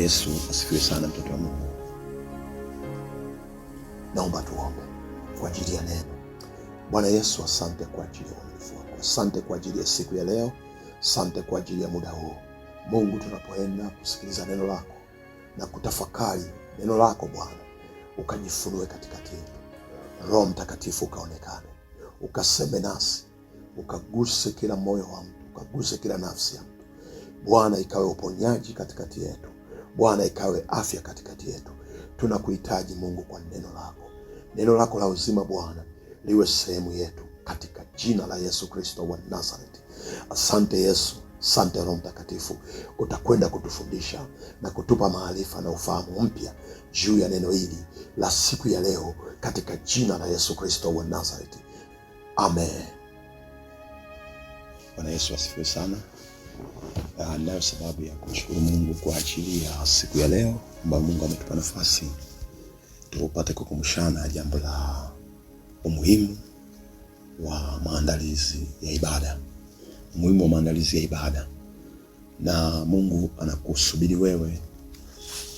Yesu asifiwe sana, mtoto wa Mungu. Naomba tuombe kwa ajili ya neno. Bwana Yesu, asante kwa ajili ya uaminifu wako, asante kwa ajili ya siku ya leo, asante kwa ajili ya muda huu. Mungu, tunapoenda kusikiliza neno lako na kutafakari neno lako Bwana, ukajifunue katikati yetu. Roho Mtakatifu ukaonekane, ukaseme nasi, ukaguse kila moyo wa mtu, ukaguse kila nafsi ya mtu Bwana, ikawe uponyaji katikati yetu Bwana, ikawe afya katikati yetu. Tunakuhitaji Mungu kwa neno lako, neno lako la uzima Bwana liwe sehemu yetu katika jina la Yesu Kristo wa Nazareti. Asante Yesu, asante Roho Mtakatifu, utakwenda kutufundisha na kutupa maarifa na ufahamu mpya juu ya neno hili la siku ya leo katika jina la Yesu Kristo wa Nazareti, amen. Bwana Yesu asifiwe sana. Ah, nayo sababu ya kumshukuru Mungu kwa ajili ya siku ya leo ambayo Mungu ametupa nafasi tupate kukumshana jambo la umuhimu wa maandalizi ya ibada, umuhimu wa maandalizi ya ibada. Na Mungu anakusubiri wewe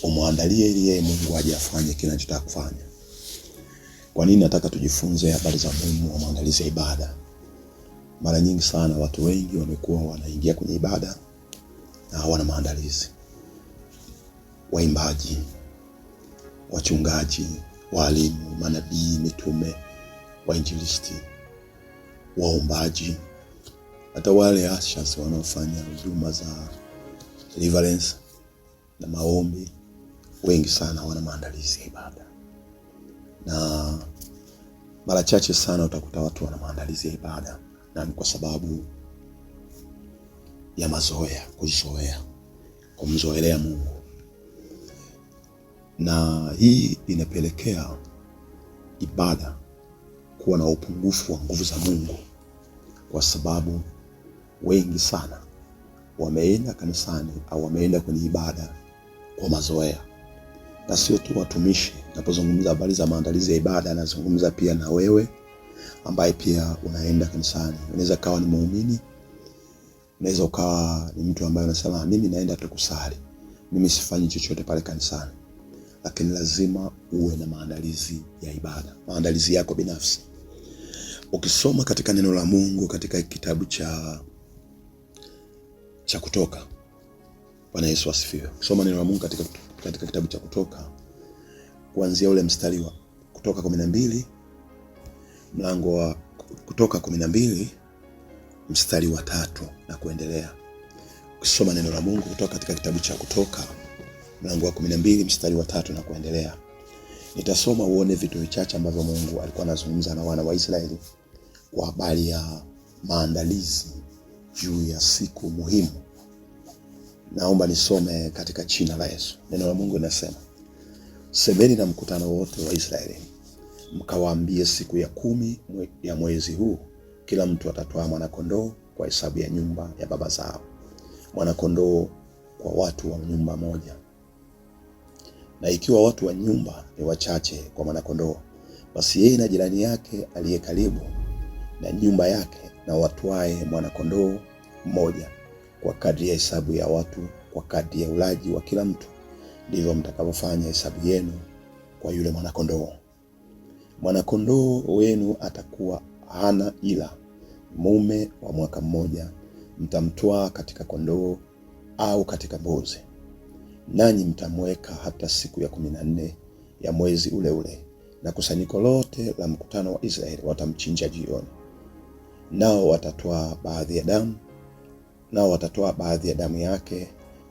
umwandalie, ili yeye Mungu aje afanye anachotaka kufanya. Kwa nini nataka tujifunze habari za umuhimu wa maandalizi ya ibada? Mara nyingi sana watu wengi wamekuwa wanaingia kwenye ibada na hawana maandalizi. Waimbaji, wachungaji, waalimu, manabii, mitume, wainjilisti, waombaji, hata wale ashas wanaofanya huduma za deliverance na maombi, wengi sana hawana maandalizi ya ibada, na mara chache sana utakuta watu wana maandalizi ya ibada, na ni kwa sababu ya mazoea, kuzoea, kumzoelea Mungu, na hii inapelekea ibada kuwa na upungufu wa nguvu za Mungu, kwa sababu wengi sana wameenda kanisani au wameenda kwenye ibada kwa mazoea. Na sio tu watumishi, napozungumza habari za maandalizi ya ibada, nazungumza pia na wewe ambaye pia unaenda kanisani, unaweza kawa ni muumini Unaweza ukawa ni mtu ambaye unasema mimi naenda tu kusali, mimi sifanyi chochote pale kanisani, lakini lazima uwe na maandalizi ya ibada, maandalizi yako binafsi. Ukisoma katika neno la Mungu katika kitabu cha cha Kutoka, Bwana Yesu asifiwe. Soma neno la Mungu katika, katika kitabu cha Kutoka kuanzia ule mstari wa Kutoka kumi na mbili mlango wa Kutoka kumi na mbili mstari wa tatu na kuendelea. Ukisoma neno la Mungu kutoka katika kitabu cha Kutoka mlango wa 12 mstari wa tatu na kuendelea, nitasoma uone vitu vichache ambavyo Mungu alikuwa anazungumza na wana wa Israeli kwa habari ya maandalizi juu ya siku muhimu. Naomba nisome katika jina la Yesu. Neno la Mungu linasema, semeni na mkutano wote wa Israeli mkawaambie, siku ya kumi ya mwezi huu kila mtu atatwaa mwanakondoo kwa hesabu ya nyumba ya baba zao, mwanakondoo kwa watu wa nyumba moja. Na ikiwa watu wa nyumba ni wachache kwa mwanakondoo, basi yeye na jirani yake aliye karibu na nyumba yake na watwae mwanakondoo mmoja kwa kadri ya hesabu ya watu, kwa kadri ya ulaji wa kila mtu, ndivyo mtakavyofanya hesabu yenu kwa yule mwanakondoo. Mwanakondoo wenu atakuwa hana ila mume wa mwaka mmoja mtamtwaa katika kondoo au katika mbuzi, nanyi mtamweka hata siku ya kumi na nne ya mwezi ule ule, na kusanyiko lote la mkutano wa Israeli watamchinja jioni. Nao watatwaa baadhi ya damu, nao watatoa baadhi ya damu yake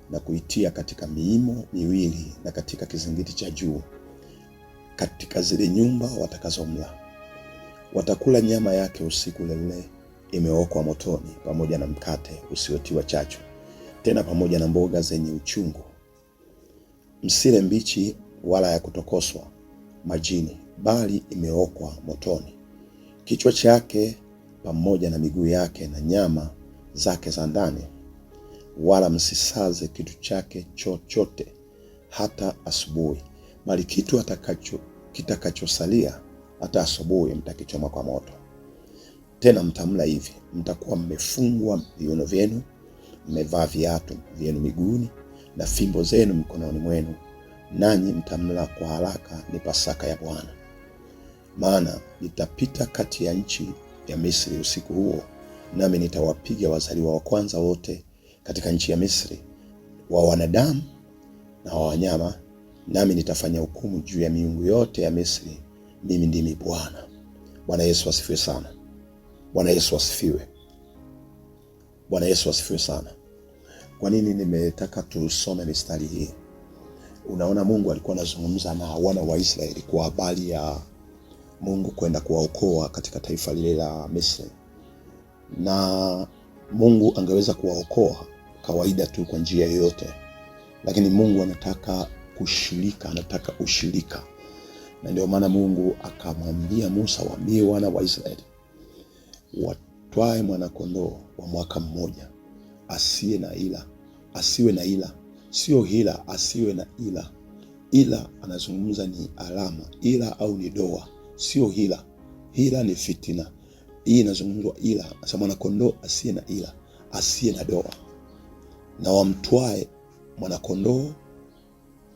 na kuitia katika miimo miwili na katika kizingiti cha juu katika zile nyumba watakazomla. Watakula nyama yake usiku ule ule imeokwa motoni pamoja na mkate usiotiwa chachu, tena pamoja na mboga zenye uchungu. Msile mbichi wala ya kutokoswa majini, bali imeokwa motoni. Kichwa chake pamoja na miguu yake na nyama zake za ndani, wala msisaze kitu chake chochote hata asubuhi, bali kitu kitakachosalia hata asubuhi mtakichoma kwa moto. Tena mtamla hivi, mtakuwa mmefungwa viuno vyenu, mmevaa viatu vyenu miguuni na fimbo zenu mkononi mwenu, nanyi mtamla kwa haraka. Ni Pasaka ya Bwana. Maana nitapita kati ya nchi ya Misri usiku huo, nami nitawapiga wazaliwa wa kwanza wote katika nchi ya Misri, wa wanadamu na wa wanyama, nami nitafanya hukumu juu ya miungu yote ya Misri. Mimi ndimi Bwana. Bwana Yesu asifiwe sana. Bwana Yesu asifiwe. Bwana Yesu asifiwe sana. Kwa nini nimetaka tusome mistari hii? Unaona, Mungu alikuwa anazungumza na wana wa Israeli kwa habari ya Mungu kwenda kuwaokoa katika taifa lile la Misri, na Mungu angeweza kuwaokoa kawaida tu kwa njia yoyote, lakini Mungu anataka kushirika, anataka ushirika, na ndio maana Mungu akamwambia Musa, waambie wana wa Israeli watwae mwanakondoo wa mwaka mmoja, asiye na ila, asiwe na ila, sio hila, asiwe na ila. Ila anazungumza ni alama, ila au ni doa, sio hila. Hila ni fitina, hii inazungumzwa ila. Sasa mwanakondoo asiye na ila, asiye na doa, na wamtwae mwanakondoo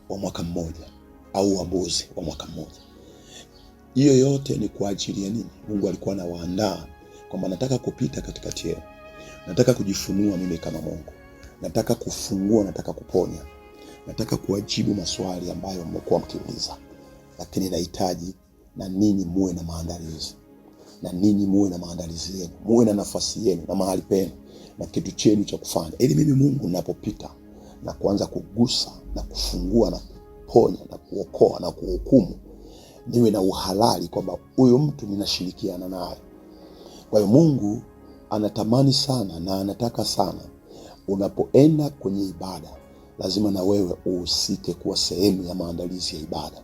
wa mwaka mmoja au wambuzi wa mwaka mmoja. Hiyo yote ni kwa ajili ya nini? Mungu alikuwa anawaandaa kwamba nataka kupita katikati yenu, nataka kujifunua mimi kama Mungu, nataka kufungua, nataka kuponya, nataka kuwajibu maswali ambayo mmekuwa mkiuliza, lakini nahitaji na ninyi muwe na maandalizi na ninyi muwe na maandalizi yenu, muwe na nafasi yenu na mahali penu na kitu chenu cha kufanya, ili mimi Mungu ninapopita na kuanza kugusa na kufungua na kuponya na kuokoa na kuhukumu, niwe na uhalali kwamba huyu mtu ninashirikiana naye. Kwa hiyo Mungu anatamani sana na anataka sana, unapoenda kwenye ibada lazima na wewe uhusike kuwa sehemu ya maandalizi ya ibada,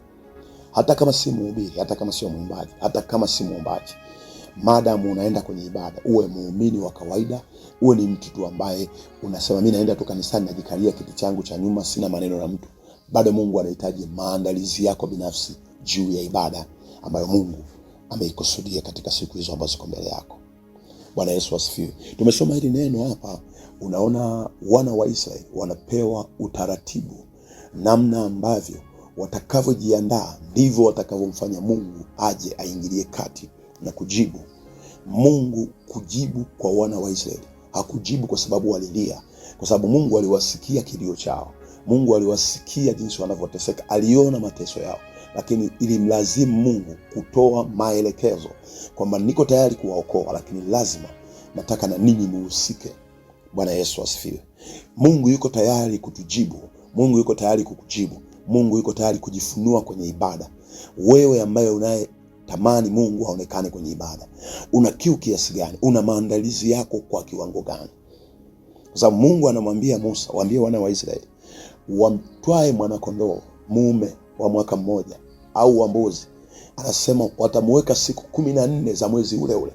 hata kama si muhubiri, hata kama sio mwimbaji, hata kama si mwombaji Madamu unaenda kwenye ibada, uwe muumini wa kawaida, uwe ni mtu tu ambaye unasema mi naenda tu kanisani, najikalia kiti changu cha nyuma, sina maneno na mtu, bado Mungu anahitaji maandalizi yako binafsi juu ya ibada ambayo Mungu ameikusudia katika siku hizo ambazo ziko mbele yako. Bwana Yesu asifiwe. Tumesoma hili neno hapa, unaona wana wa Israeli wanapewa utaratibu, namna ambavyo watakavyojiandaa ndivyo watakavyomfanya Mungu aje aingilie kati na kujibu. Mungu kujibu kwa wana wa Israeli hakujibu kwa sababu walilia, kwa sababu Mungu aliwasikia kilio chao. Mungu aliwasikia jinsi wanavyoteseka, aliona mateso yao lakini ilimlazimu Mungu kutoa maelekezo kwamba niko tayari kuwaokoa, lakini lazima nataka na ninyi muhusike. Bwana Yesu asifiwe. Mungu yuko tayari kutujibu. Mungu yuko tayari kukujibu. Mungu yuko tayari kujifunua kwenye ibada. Wewe ambaye unaye tamani Mungu aonekane kwenye ibada, una kiu kiasi gani? Una maandalizi yako kwa kiwango gani? Kwa sababu Mungu anamwambia Musa, waambie wana wa Israeli wamtwae mwanakondoo mume wa mwaka mmoja au wa mbuzi, anasema watamuweka siku kumi na nne za mwezi ule ule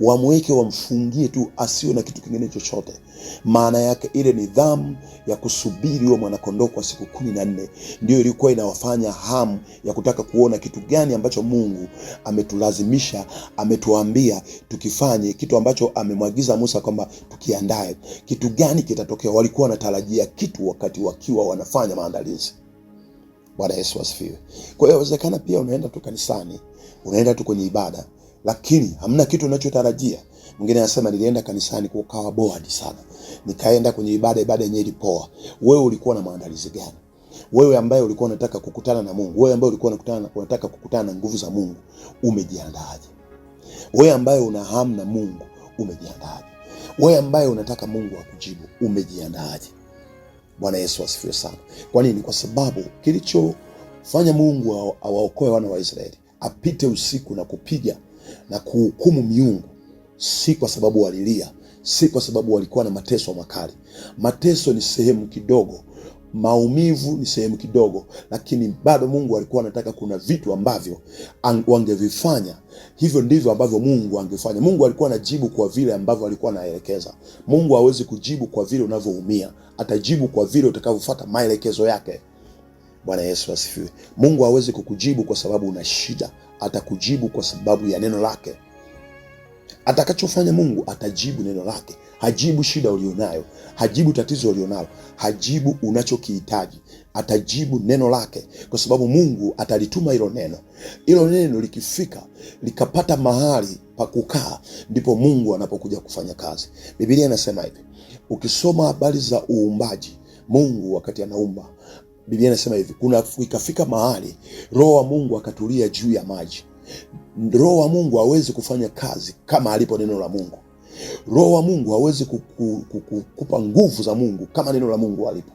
wamweke wamfungie tu, asiwe na kitu kingine chochote. Maana yake ile nidhamu ya kusubiri huo mwanakondoo kwa siku kumi na nne ndiyo ilikuwa inawafanya hamu ya kutaka kuona kitu gani ambacho Mungu ametulazimisha, ametuambia tukifanye, kitu ambacho amemwagiza Musa kwamba tukiandae, kitu gani kitatokea. Walikuwa wanatarajia kitu wakati wakiwa wanafanya maandalizi. Bwana Yesu asifiwe. Kwa hiyo inawezekana pia unaenda tu kanisani, unaenda tu kwenye ibada, lakini hamna kitu unachotarajia. Mwingine anasema nilienda kanisani kukawa bored sana, nikaenda kwenye ibada, ibada yenyewe ilipoa. Wewe ulikuwa na maandalizi gani? Wewe ambaye ulikuwa unataka kukutana na Mungu, wewe ambaye ulikuwa unakutana, unataka kukutana na nguvu za Mungu, umejiandaaje? Wewe ambaye una hamu na Mungu, umejiandaaje? Wewe ambaye unataka Mungu akujibu, umejiandaaje? Bwana Yesu asifiwe sana. Kwa nini? Kwa sababu kilichofanya Mungu awaokoe wana wa Israeli apite usiku na kupiga na kuhukumu miungu, si kwa sababu walilia, si kwa sababu walikuwa na mateso makali. Mateso ni sehemu kidogo Maumivu ni sehemu kidogo, lakini bado Mungu alikuwa anataka, kuna vitu ambavyo wangevifanya. Hivyo ndivyo ambavyo Mungu angefanya. Mungu alikuwa anajibu kwa vile ambavyo alikuwa anaelekeza. Mungu hawezi kujibu kwa vile unavyoumia, atajibu kwa vile utakavyofuata maelekezo yake. Bwana Yesu asifiwe. Mungu hawezi kukujibu kwa sababu una shida, atakujibu kwa sababu ya neno lake. Atakachofanya Mungu atajibu neno lake, hajibu shida ulionayo, hajibu tatizo ulionalo, hajibu unachokihitaji, atajibu neno lake, kwa sababu Mungu atalituma hilo neno. Hilo neno likifika likapata mahali pa kukaa, ndipo Mungu anapokuja kufanya kazi. Biblia inasema hivi, ukisoma habari za uumbaji, Mungu wakati anaumba, Biblia inasema hivi, kuna ikafika mahali roho wa Mungu akatulia juu ya maji Roho wa Mungu hawezi kufanya kazi kama alipo neno la Mungu. Roho wa Mungu hawezi kukupa nguvu za Mungu kama neno la Mungu alipo.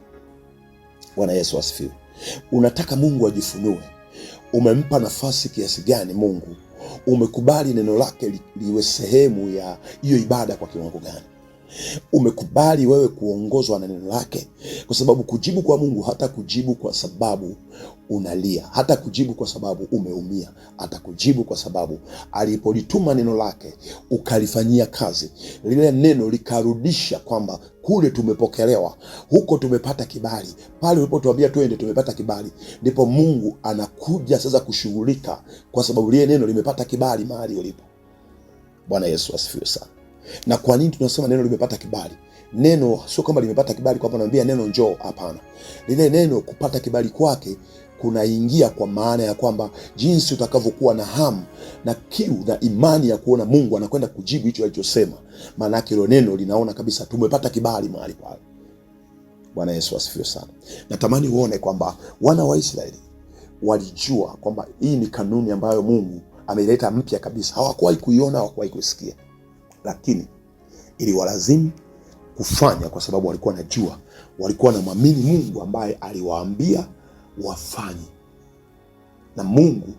Bwana Yesu asifiwe. Unataka Mungu ajifunue, umempa nafasi kiasi gani? Mungu umekubali neno lake li, liwe sehemu ya hiyo ibada kwa kiwango gani? Umekubali wewe kuongozwa na neno lake? Kwa sababu kujibu kwa Mungu hata kujibu kwa sababu unalia, hata kujibu kwa sababu umeumia, atakujibu kwa sababu alipolituma neno lake ukalifanyia kazi, lile neno likarudisha kwamba kule tumepokelewa, huko tumepata kibali, pale ulipotuambia tuende tumepata kibali. Ndipo Mungu anakuja sasa kushughulika, kwa sababu lile neno limepata kibali mahali ulipo. Bwana Yesu asifiwe sana. Na kwa nini tunasema neno limepata kibali? Neno sio kwamba limepata kibali kwamba naambia neno njoo, hapana. Lile neno kupata kibali kwake kunaingia kwa maana ya kwamba jinsi utakavyokuwa na hamu na kiu na imani ya kuona Mungu anakwenda kujibu hicho alichosema. Maanake hilo neno linaona kabisa tumepata kibali mahali pale. Bwana Yesu asifiwe sana. Natamani uone kwamba wana wa Israeli walijua kwamba hii ni kanuni ambayo Mungu ameleta mpya kabisa. Hawakuwahi kuiona, hawakuwahi kuisikia, lakini iliwalazimu kufanya, kwa sababu walikuwa wanajua, walikuwa na mwamini Mungu ambaye aliwaambia wafanye. Na Mungu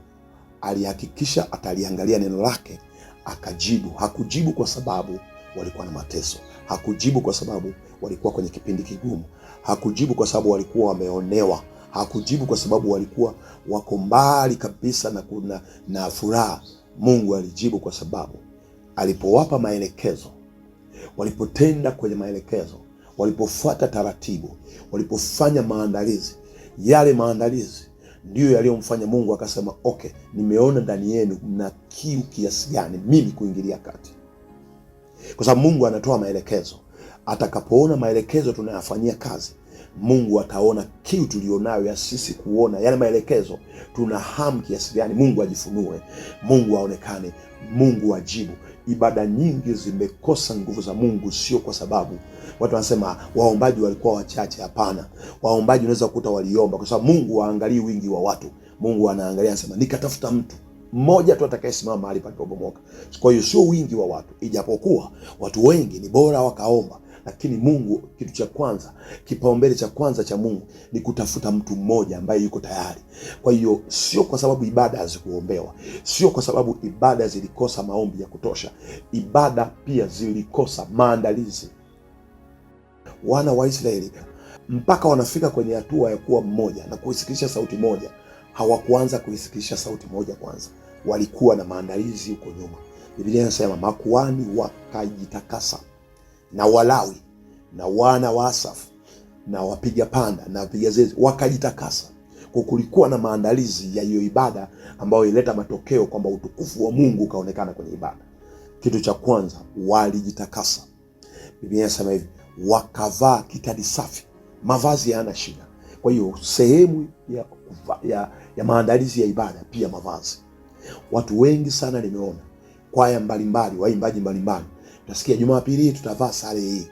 alihakikisha ataliangalia neno lake akajibu. Hakujibu kwa sababu walikuwa na mateso, hakujibu kwa sababu walikuwa kwenye kipindi kigumu, hakujibu kwa sababu walikuwa wameonewa, hakujibu kwa sababu walikuwa wako mbali kabisa na kuna na furaha. Mungu alijibu kwa sababu alipowapa maelekezo, walipotenda kwenye maelekezo, walipofuata taratibu, walipofanya maandalizi yale maandalizi ndiyo yaliyomfanya Mungu akasema okay, nimeona ndani yenu mna kiu kiasi gani mimi kuingilia kati, kwa sababu Mungu anatoa maelekezo. Atakapoona maelekezo tunayafanyia kazi, Mungu ataona kiu tulionayo ya sisi kuona yale maelekezo, tuna hamu kiasi gani Mungu ajifunue, Mungu aonekane, Mungu ajibu ibada nyingi zimekosa nguvu za Mungu, sio kwa sababu watu wanasema waombaji walikuwa wachache. Hapana, waombaji unaweza kukuta waliomba, kwa sababu Mungu waangalii wingi wa watu. Mungu anaangalia, anasema nikatafuta mtu mmoja tu atakayesimama mahali palipobomoka. Kwa hiyo sio wingi wa watu, ijapokuwa watu wengi ni bora wakaomba lakini Mungu, kitu cha kwanza, kipaumbele cha kwanza cha Mungu ni kutafuta mtu mmoja ambaye yuko tayari. Kwa hiyo sio kwa sababu ibada hazikuombewa, sio kwa sababu ibada zilikosa maombi ya kutosha. Ibada pia zilikosa maandalizi. Wana wa Israeli mpaka wanafika kwenye hatua ya kuwa mmoja na kuisikilisha sauti moja, hawakuanza kuisikilisha sauti moja kwanza, walikuwa na maandalizi huko nyuma. Biblia inasema makuani wakajitakasa na Walawi na wana wa Asafu na wapiga panda na wapiga zeze wakajitakasa. Kwa kulikuwa na maandalizi ya hiyo ibada ambayo ilileta matokeo kwamba utukufu wa Mungu ukaonekana kwenye ibada. Kitu cha kwanza walijitakasa. Biblia inasema hivi, wakavaa kitani safi, mavazi yana shida. Kwa hiyo sehemu ya, ya, ya maandalizi ya ibada pia mavazi. Watu wengi sana nimeona kwaya mbalimbali, waimbaji mbalimbali Nasikia Jumapili tutavaa sare hii,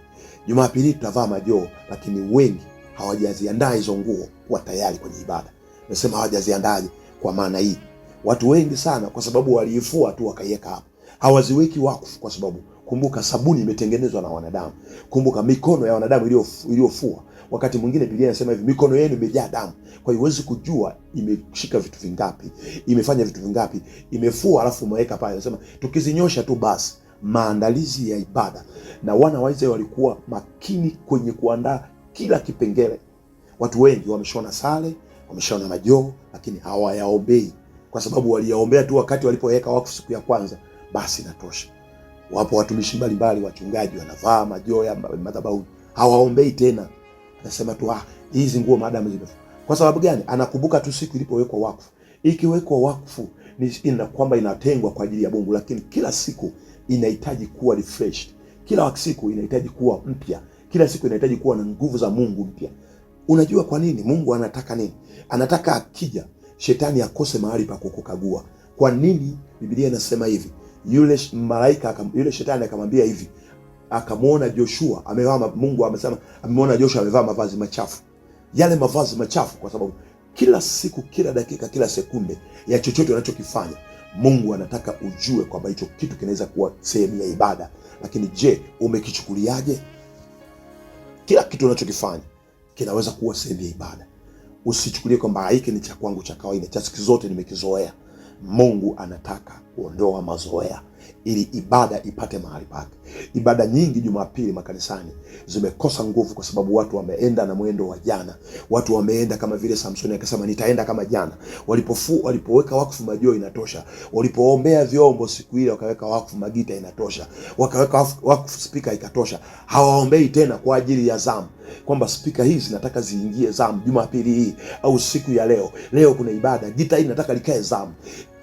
Jumapili tutavaa majoo, lakini wengi hawajaziandaa hizo nguo kuwa tayari kwenye ibada. Nasema hawajaziandaje? Kwa maana hii watu wengi sana, kwa sababu waliifua tu wakaiweka hapo, hawaziweki wakfu, kwa sababu kumbuka, sabuni imetengenezwa na wanadamu. Kumbuka mikono ya wanadamu iliyofua. Wakati mwingine Biblia inasema hivi, mikono yenu imejaa damu. Kwa hiyo huwezi kujua imeshika vitu vingapi, imefanya vitu vingapi, imefua alafu umeweka pale. Nasema tukizinyosha tu basi maandalizi ya ibada, na wana wa Israeli walikuwa makini kwenye kuandaa kila kipengele. Watu wengi wameshona sare, wameshona majoo, lakini hawayaombei kwa sababu waliyaombea tu wakati walipoweka wakfu siku ya kwanza, basi natosha. Wapo watumishi mbalimbali, wachungaji wanavaa majoo ya madhabahu, hawaombei tena, anasema tu ah, hizi nguo maadamu zimefu. Kwa sababu gani? Anakumbuka tu siku ilipowekwa wakfu. Ikiwekwa wakfu ni ina kwamba inatengwa kwa ajili ya Mungu, lakini kila siku inahitaji kuwa refreshed. Kila siku inahitaji kuwa mpya, kila siku inahitaji kuwa na nguvu za Mungu mpya. Unajua kwa nini Mungu anataka nini? Anataka akija shetani akose mahali pa kukukagua. Kwa nini Biblia inasema hivi? Yule malaika yule shetani akamwambia hivi, akamwona Joshua amevaa, Mungu amesema amemwona Joshua amevaa mavazi machafu, yale mavazi machafu, kwa sababu kila siku, kila dakika, kila sekunde ya chochote unachokifanya Mungu anataka ujue kwamba hicho kitu kinaweza kuwa sehemu ya ibada, lakini je, umekichukuliaje? Kila kitu unachokifanya kinaweza kuwa sehemu ya ibada. Usichukulie kwamba ah, hiki ni cha kwangu cha kawaida, cha siku zote nimekizoea. Mungu anataka kuondoa mazoea ili ibada ipate mahali pake. Ibada nyingi Jumapili makanisani zimekosa nguvu kwa sababu watu wameenda na mwendo wa jana. Watu wameenda kama vile Samsoni akasema nitaenda kama jana. Walipofu walipoweka wakfu majoo inatosha. Walipoombea vyombo siku ile wakaweka wakfu magita inatosha. Wakaweka wakfu spika ikatosha. Hawaombei tena kwa ajili ya zamu kwamba spika hii zinataka ziingie zamu Jumapili hii au siku ya leo. Leo kuna ibada, gita hii inataka likae zamu.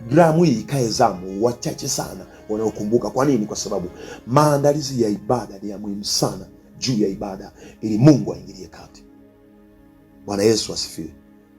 Gramu hii ikae zamu, wachache sana wanaokumbuka. Kwa nini? Kwa sababu maandalizi ya ibada ni ya muhimu sana juu ya ibada, ili Mungu aingilie kati. Bwana Yesu asifiwe.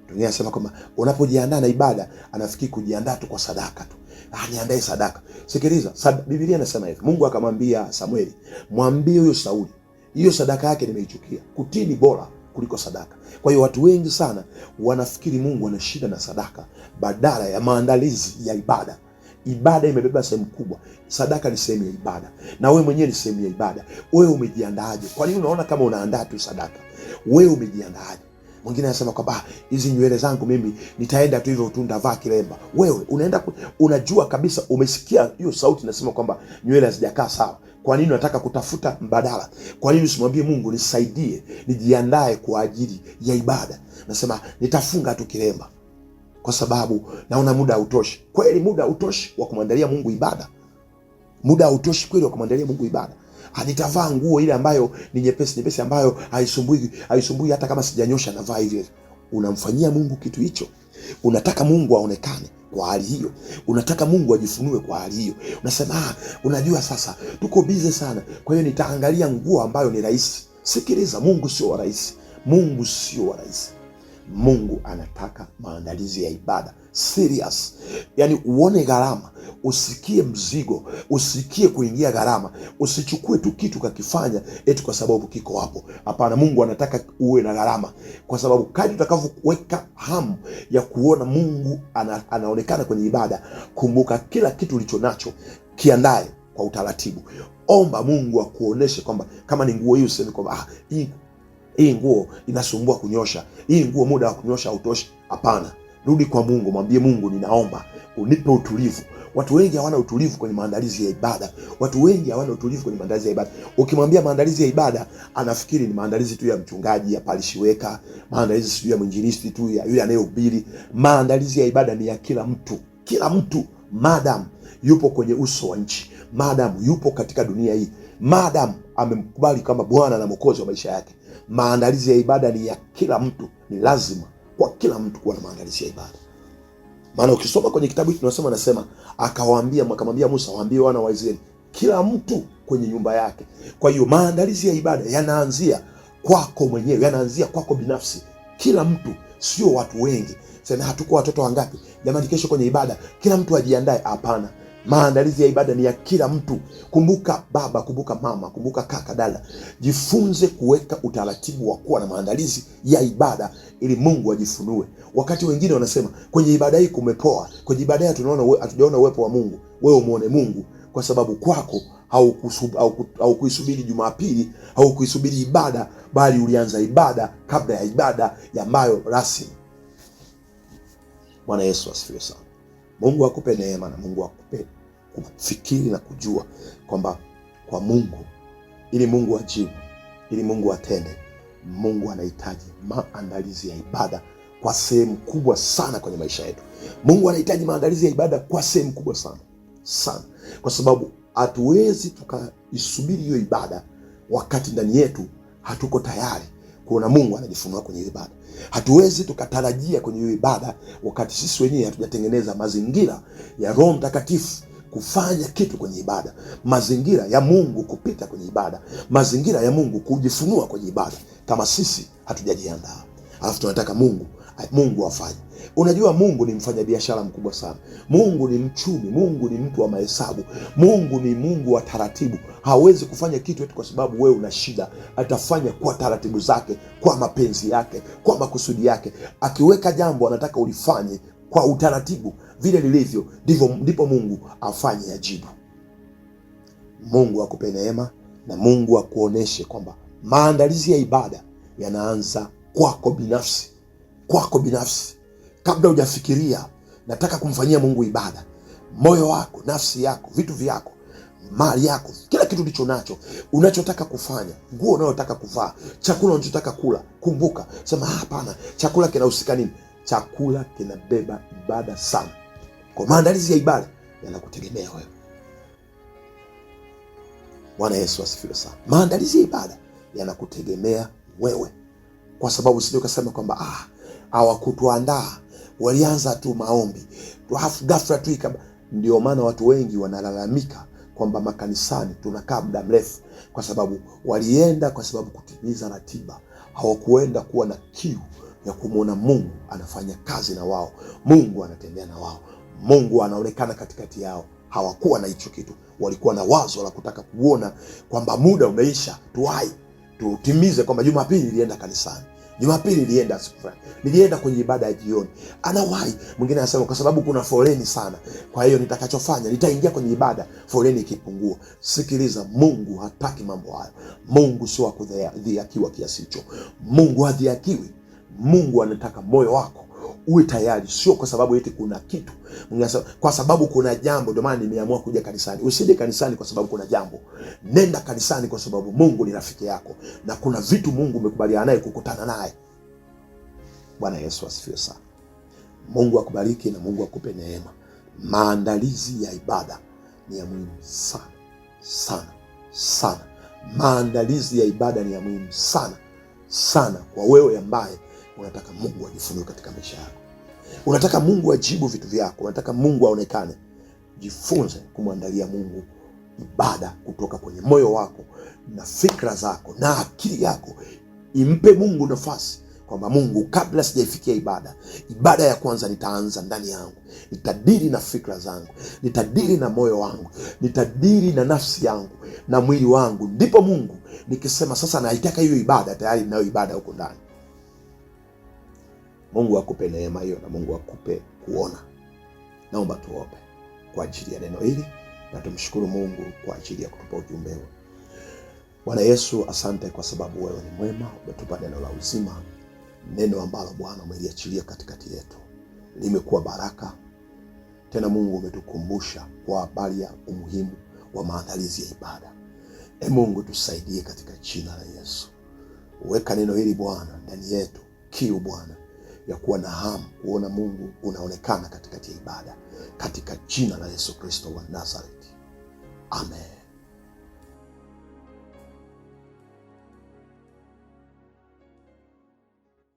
Dunia anasema kwamba unapojiandaa na ibada, anafikiri kujiandaa tu kwa sadaka tu, ah, niandae sadaka. Sikiliza, sad, Biblia inasema hivi, Mungu akamwambia Samueli, mwambie huyo Sauli, hiyo sadaka yake nimeichukia, kutini bora kuliko sadaka. Kwa hiyo watu wengi sana wanafikiri Mungu ana shida na sadaka badala ya maandalizi ya ibada. Ibada imebeba sehemu kubwa, sadaka ni sehemu ya ibada, na wewe mwenyewe ni sehemu ya ibada. Wewe umejiandaaje? Kwa nini unaona kama unaandaa tu sadaka? Wewe umejiandaaje? Mwingine anasema kwamba ah, hizi nywele zangu mimi nitaenda tu hivyo tu nitavaa kilemba. Wewe unaenda, unajua kabisa, umesikia hiyo sauti nasema kwamba nywele hazijakaa sawa kwa nini unataka kutafuta mbadala? Kwa nini usimwambie Mungu, nisaidie, nijiandae kwa ajili ya ibada? Nasema nitafunga tu kilemba, kwa sababu naona muda hautoshi. Kweli muda hautoshi wa kumwandalia Mungu ibada, muda hautoshi kweli wa kumwandalia Mungu ibada. Ah, nitavaa nguo ile ambayo ni nyepesi nyepesi, ambayo haisumbui haisumbui, hata kama sijanyosha navaa hivyo. Unamfanyia Mungu kitu hicho. Unataka Mungu aonekane kwa hali hiyo, unataka Mungu ajifunue kwa hali hiyo. Unasema ah, unajua sasa tuko bize sana, kwa hiyo nitaangalia nguo ambayo ni rahisi. Sikiliza, Mungu sio wa rahisi, Mungu sio wa rahisi. Mungu anataka maandalizi ya ibada serious, yani uone gharama, usikie mzigo, usikie kuingia gharama, usichukue tu kitu kakifanya eti kwa sababu kiko hapo. Hapana, Mungu anataka uwe na gharama, kwa sababu kadi utakavyoweka hamu ya kuona Mungu ana, anaonekana kwenye ibada, kumbuka kila kitu ulicho nacho kiandae kwa utaratibu. Omba Mungu akuoneshe kwamba kama ni nguo hii, useme kwamba ah, hii hii nguo inasumbua kunyosha, hii nguo muda wa kunyosha hautoshi. Hapana, rudi kwa Mungu, mwambie Mungu, ninaomba unipe utulivu. Watu wengi hawana utulivu kwenye maandalizi ya ibada. Watu wengi hawana utulivu kwenye maandalizi ya ibada. Ukimwambia maandalizi ya ibada, anafikiri ni maandalizi tu ya mchungaji, ya palishiweka, maandalizi sijui ya mwinjilisti tu, ya yule anayehubiri. Maandalizi ya ibada ni ya kila mtu, kila mtu madam yupo kwenye uso wa nchi, madam yupo katika dunia hii, madam amemkubali kama Bwana na Mwokozi wa maisha yake maandalizi ya ibada ni ya kila mtu, ni lazima kwa kila mtu kuwa na maandalizi ya ibada. Maana ukisoma kwenye kitabu hiki tunasema, anasema akawaambia, akamwambia Musa, waambie wana wa Israeli, kila mtu kwenye nyumba yake. Kwa hiyo maandalizi ya ibada yanaanzia kwako mwenyewe, yanaanzia kwako binafsi, kila mtu, sio watu wengi. Sasa hatuko watoto wangapi jamani, kesho kwenye ibada kila mtu ajiandae? Hapana. Maandalizi ya ibada ni ya kila mtu. Kumbuka baba, kumbuka mama, kumbuka kaka, dada. Jifunze kuweka utaratibu wa kuwa na maandalizi ya ibada ili Mungu ajifunue. Wakati wengine wanasema kwenye ibada hii kumepoa, kwenye ibada hii tunaona hatujaona uwepo wa Mungu. Wewe umuone Mungu kwa sababu kwako haukuisubiri Jumapili, haukuisubiri ibada, bali ulianza ibada kabla ya ibada yambayo rasmi. Bwana Yesu asifiwe sana. Mungu akupe neema na Mungu akupe kufikiri na kujua kwamba kwa Mungu, ili Mungu ajibu, ili Mungu atende, Mungu anahitaji maandalizi ya ibada kwa sehemu kubwa sana kwenye maisha yetu. Mungu anahitaji maandalizi ya ibada kwa sehemu kubwa sana sana, kwa sababu hatuwezi tukaisubiri hiyo ibada wakati ndani yetu hatuko tayari kuona Mungu anajifunua kwenye hiyo ibada. Hatuwezi tukatarajia kwenye hiyo ibada wakati sisi wenyewe hatujatengeneza mazingira ya Roho Mtakatifu kufanya kitu kwenye ibada, mazingira ya Mungu kupita kwenye ibada, mazingira ya Mungu kujifunua kwenye ibada, kama sisi hatujajiandaa. Alafu tunataka Mungu Mungu afanye. Unajua, Mungu ni mfanyabiashara mkubwa sana. Mungu ni mchumi, Mungu ni mtu wa mahesabu, Mungu ni Mungu wa taratibu. Hawezi kufanya kitu eti kwa sababu wewe una shida, atafanya kwa taratibu zake, kwa mapenzi yake, kwa makusudi yake. Akiweka jambo anataka ulifanye kwa utaratibu, vile lilivyo ndivyo ndipo Mungu afanye ajibu. Mungu akupe neema na Mungu akuoneshe kwamba maandalizi ya ibada yanaanza kwako binafsi, kwako binafsi kabla hujafikiria nataka kumfanyia Mungu ibada, moyo wako, nafsi yako, vitu vyako, mali yako, kila kitu ulicho nacho, unachotaka kufanya, nguo unayotaka kuvaa, chakula unachotaka kula, kumbuka, sema hapana, chakula kinahusika nini? Chakula kinabeba ibada sana, kwa maandalizi ya ibada yanakutegemea wewe. Bwana Yesu asifiwe sana. Maandalizi ya ibada yanakutegemea wewe, kwa sababu usije ukasema kwamba ah, hawakutuandaa ah, walianza tu maombi tuhafu ghafla tu ikaba. Ndio maana watu wengi wanalalamika kwamba makanisani tunakaa muda mrefu, kwa sababu walienda kwa sababu kutimiza ratiba, hawakuenda kuwa na kiu ya kumwona Mungu anafanya kazi na wao, Mungu anatembea na wao, Mungu anaonekana katikati yao. Hawakuwa na hicho kitu, walikuwa na wazo la kutaka kuona kwamba muda umeisha, tuwai tutimize kwamba Jumapili ilienda kanisani. Jumapili nilienda siku fulani, nilienda kwenye ibada ya jioni, wai mwingine anasema kwa sababu kuna foleni sana, kwa hiyo nitakachofanya nitaingia kwenye ibada foleni ikipungua. Sikiliza, Mungu hataki mambo hayo. Mungu sio wa kiasi hicho. Mungu hadhiakiwi. Mungu anataka moyo wako uwe tayari, sio kwa sababu eti kuna kitu, kwa sababu kuna jambo. Ndio maana nimeamua kuja kanisani. Usiende kanisani kwa sababu kuna jambo, nenda kanisani kwa sababu Mungu ni rafiki yako na kuna vitu Mungu umekubaliana naye kukutana naye. Bwana Yesu asifiwe sana. Mungu akubariki na Mungu akupe neema. Maandalizi ya ibada ni ya muhimu sana sana sana. Maandalizi ya ibada ni ya muhimu sana sana kwa wewe ambaye unataka Mungu ajifunue katika maisha yako, unataka Mungu ajibu vitu vyako, unataka Mungu aonekane, jifunze kumwandalia Mungu ibada kutoka kwenye moyo wako na fikra zako na akili yako. Impe Mungu nafasi kwamba Mungu, kabla sijaifikia ibada, ibada ya kwanza nitaanza ndani yangu, nitadiri na fikra zangu, nitadiri na moyo wangu, nitadiri na nafsi yangu na mwili wangu, ndipo Mungu nikisema sasa naitaka hiyo ibada, tayari ninayo ibada huko ndani. Mungu akupe neema hiyo na Mungu akupe kuona. Naomba tuombe kwa ajili ya neno hili na tumshukuru Mungu kwa ajili ya kutupa ujumbe huu. Bwana Yesu, asante kwa sababu wewe ni mwema, umetupa neno la uzima, neno ambalo Bwana umeliachilia katikati yetu, limekuwa baraka tena. Mungu umetukumbusha kwa habari ya umuhimu wa maandalizi ya ibada. E Mungu, tusaidie katika jina la Yesu. Weka neno hili Bwana ndani yetu, kiu Bwana ya kuwa na hamu kuona Mungu unaonekana katikati ya ibada, katika jina la Yesu Kristo wa Nazareti, amen.